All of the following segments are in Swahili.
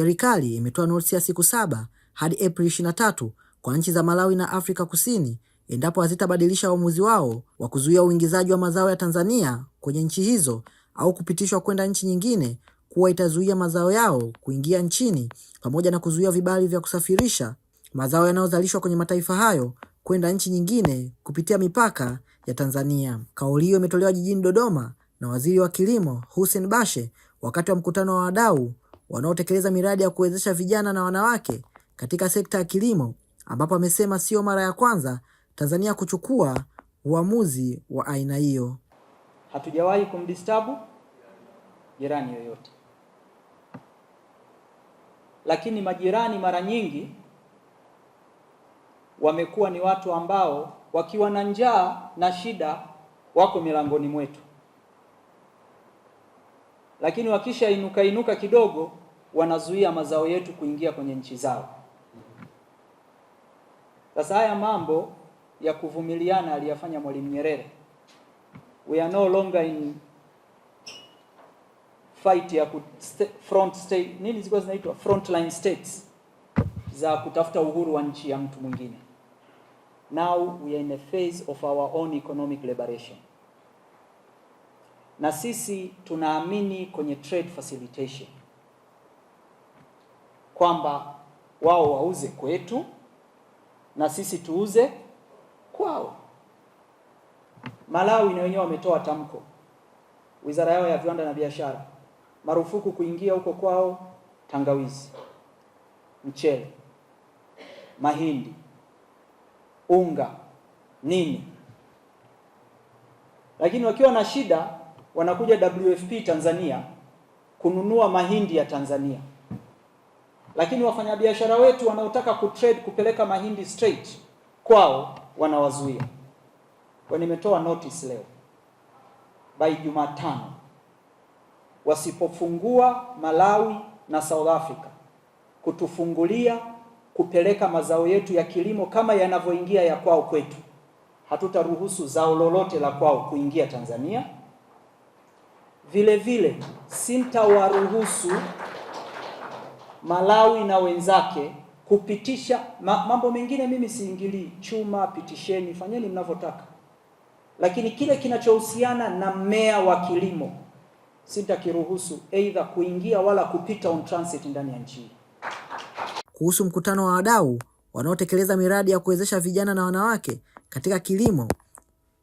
Serikali imetoa notisi ya siku saba hadi Aprili 23 kwa nchi za Malawi na Afrika Kusini endapo hazitabadilisha uamuzi wao wa kuzuia uingizaji wa mazao ya Tanzania kwenye nchi hizo au kupitishwa kwenda nchi nyingine, kuwa itazuia mazao yao kuingia nchini pamoja na kuzuia vibali vya kusafirisha mazao yanayozalishwa kwenye mataifa hayo kwenda nchi nyingine kupitia mipaka ya Tanzania. Kauli hiyo imetolewa jijini Dodoma na Waziri wa Kilimo Hussein Bashe wakati wa mkutano wa wadau wanaotekeleza miradi ya kuwezesha vijana na wanawake katika sekta ya kilimo, ambapo amesema sio mara ya kwanza Tanzania kuchukua uamuzi wa aina hiyo. Hatujawahi kumdistabu jirani yoyote, lakini majirani mara nyingi wamekuwa ni watu ambao wakiwa na njaa na shida wako milangoni mwetu, lakini wakisha inuka inuka kidogo wanazuia mazao yetu kuingia kwenye nchi zao. Sasa haya mambo ya kuvumiliana aliyafanya Mwalimu Nyerere. We are no longer in fight ya front state, nini zilikuwa zinaitwa frontline states za kutafuta uhuru wa nchi ya mtu mwingine. Now we are in a phase of our own economic liberation, na sisi tunaamini kwenye trade facilitation kwamba wao wauze kwetu na sisi tuuze kwao. Malawi na wenyewe wametoa tamko, wizara yao ya viwanda na biashara, marufuku kuingia huko kwao tangawizi, mchele, mahindi, unga, nini. Lakini wakiwa na shida wanakuja WFP Tanzania kununua mahindi ya Tanzania lakini wafanyabiashara wetu wanaotaka kutrade kupeleka mahindi straight kwao wanawazuia. Kwa nimetoa notice leo by Jumatano, wasipofungua Malawi na South Africa kutufungulia kupeleka mazao yetu ya kilimo kama yanavyoingia ya kwao kwetu, hatutaruhusu zao lolote la kwao kuingia Tanzania. Vile vile sintawaruhusu Malawi na wenzake kupitisha ma, mambo mengine mimi siingilii, chuma pitisheni, fanyeni mnavyotaka, lakini kile kinachohusiana na mmea wa kilimo sitakiruhusu aidha kuingia wala kupita on transit ndani ya nchi. Kuhusu mkutano wa wadau wanaotekeleza miradi ya kuwezesha vijana na wanawake katika kilimo,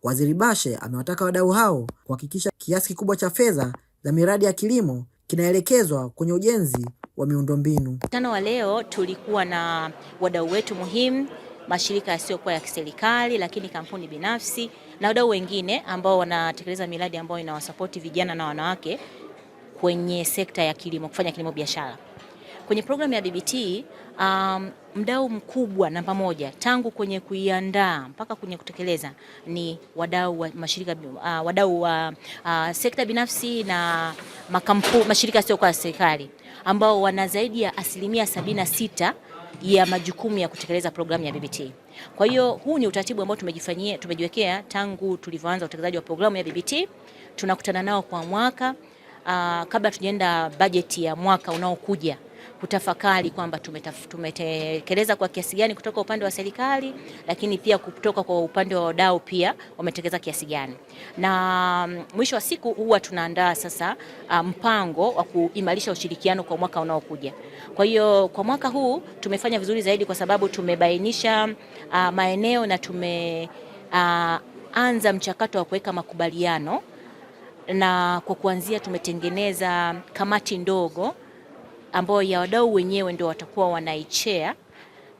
Waziri Bashe amewataka wadau hao kuhakikisha kiasi kikubwa cha fedha za miradi ya kilimo kinaelekezwa kwenye ujenzi wa miundombinu. Mkutano wa leo tulikuwa na wadau wetu muhimu, mashirika yasiyokuwa ya kiserikali, lakini kampuni binafsi na wadau wengine ambao wanatekeleza miradi ambayo inawasapoti vijana na wanawake kwenye sekta ya kilimo, kufanya kilimo biashara. Kwenye programu ya BBT um, mdau mkubwa namba moja tangu kwenye kuiandaa mpaka kwenye kutekeleza ni wadau wa mashirika uh, wadau wa uh, sekta binafsi na makampu, mashirika sio kwa serikali ambao wana zaidi ya asilimia sabini na sita ya majukumu ya kutekeleza programu ya BBT. Kwa hiyo huu ni utaratibu ambao tumejifanyia, tumejiwekea tangu tulivyoanza utekelezaji wa programu ya BBT. Tunakutana nao kwa mwaka uh, kabla tujaenda bajeti ya mwaka unaokuja kutafakari kwamba tumetekeleza kwa kiasi gani kutoka upande wa serikali, lakini pia kutoka kwa upande wa wadau pia wametekeleza kiasi gani, na mm, mwisho wa siku huwa tunaandaa sasa uh, mpango wa kuimarisha ushirikiano kwa mwaka unaokuja. Kwa hiyo kwa mwaka huu tumefanya vizuri zaidi kwa sababu tumebainisha uh, maeneo na tume uh, anza mchakato wa kuweka makubaliano na kwa kuanzia tumetengeneza kamati ndogo ambayo ya wadau wenyewe ndio watakuwa wanaichea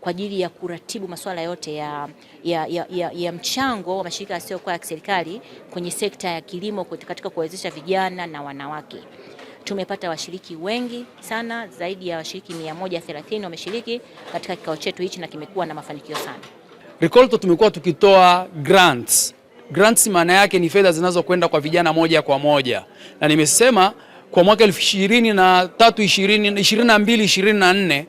kwa ajili ya kuratibu masuala yote ya, ya, ya, ya, ya mchango wa mashirika yasiyokuwa ya kiserikali kwenye sekta ya kilimo katika kuwezesha vijana na wanawake. Tumepata washiriki wengi sana, zaidi ya washiriki 130 wameshiriki katika kikao chetu hichi na kimekuwa na mafanikio sana. Rekolto tumekuwa tukitoa grants. Grants maana yake ni fedha zinazokwenda kwa vijana moja kwa moja, na nimesema kwa mwaka 2023 22 24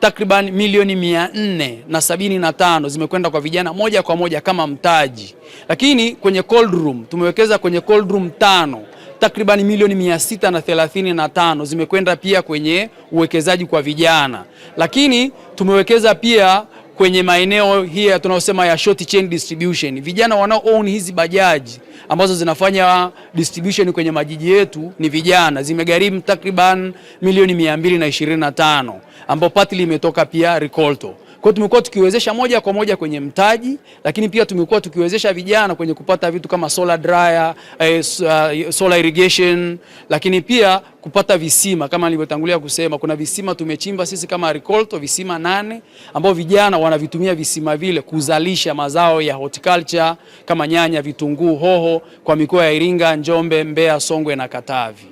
takriban milioni mia nne na sabini na tano zimekwenda kwa vijana moja kwa moja kama mtaji, lakini kwenye cold room tumewekeza kwenye cold room tano takriban milioni mia sita na thelathini na tano zimekwenda pia kwenye uwekezaji kwa vijana, lakini tumewekeza pia kwenye maeneo hii tunaosema ya short chain distribution. Vijana wanao own hizi bajaji ambazo zinafanya distribution kwenye majiji yetu ni vijana, zimegharimu takriban milioni 225 ambao partly imetoka pia Rikolto. Kwa tumekuwa tukiwezesha moja kwa moja kwenye mtaji, lakini pia tumekuwa tukiwezesha vijana kwenye kupata vitu kama solar dryer, eh, uh, solar irrigation, lakini pia kupata visima kama nilivyotangulia kusema, kuna visima tumechimba sisi kama Agricolto visima nane ambao vijana wanavitumia visima vile kuzalisha mazao ya horticulture kama nyanya, vitunguu, hoho kwa mikoa ya Iringa, Njombe, Mbeya, Songwe na Katavi.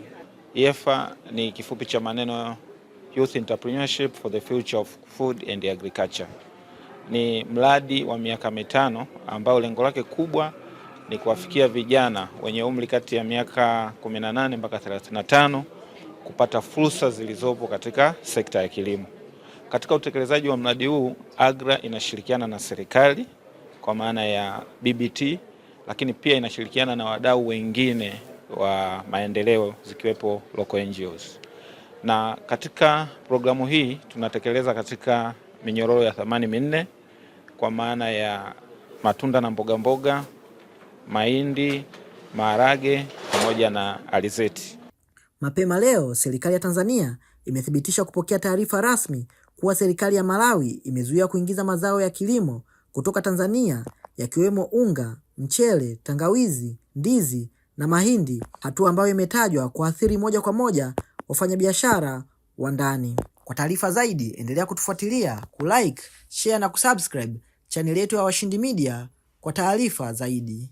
IEFA ni kifupi cha maneno Youth Entrepreneurship for the Future of Food and Agriculture. Ni mradi wa miaka mitano ambao lengo lake kubwa ni kuwafikia vijana wenye umri kati ya miaka 18 mpaka 35 kupata fursa zilizopo katika sekta ya kilimo. Katika utekelezaji wa mradi huu, AGRA inashirikiana na serikali kwa maana ya BBT, lakini pia inashirikiana na wadau wengine wa maendeleo zikiwepo local NGOs na katika programu hii tunatekeleza katika minyororo ya thamani minne kwa maana ya matunda na mbogamboga mboga, mahindi, maharage pamoja na alizeti. Mapema leo serikali ya Tanzania imethibitisha kupokea taarifa rasmi kuwa serikali ya Malawi imezuia kuingiza mazao ya kilimo kutoka Tanzania yakiwemo unga, mchele, tangawizi, ndizi na mahindi, hatua ambayo imetajwa kuathiri moja kwa moja wafanyabiashara wa ndani. Kwa taarifa zaidi, endelea kutufuatilia, kulike, share na kusubscribe chaneli yetu ya Washindi Media kwa taarifa zaidi.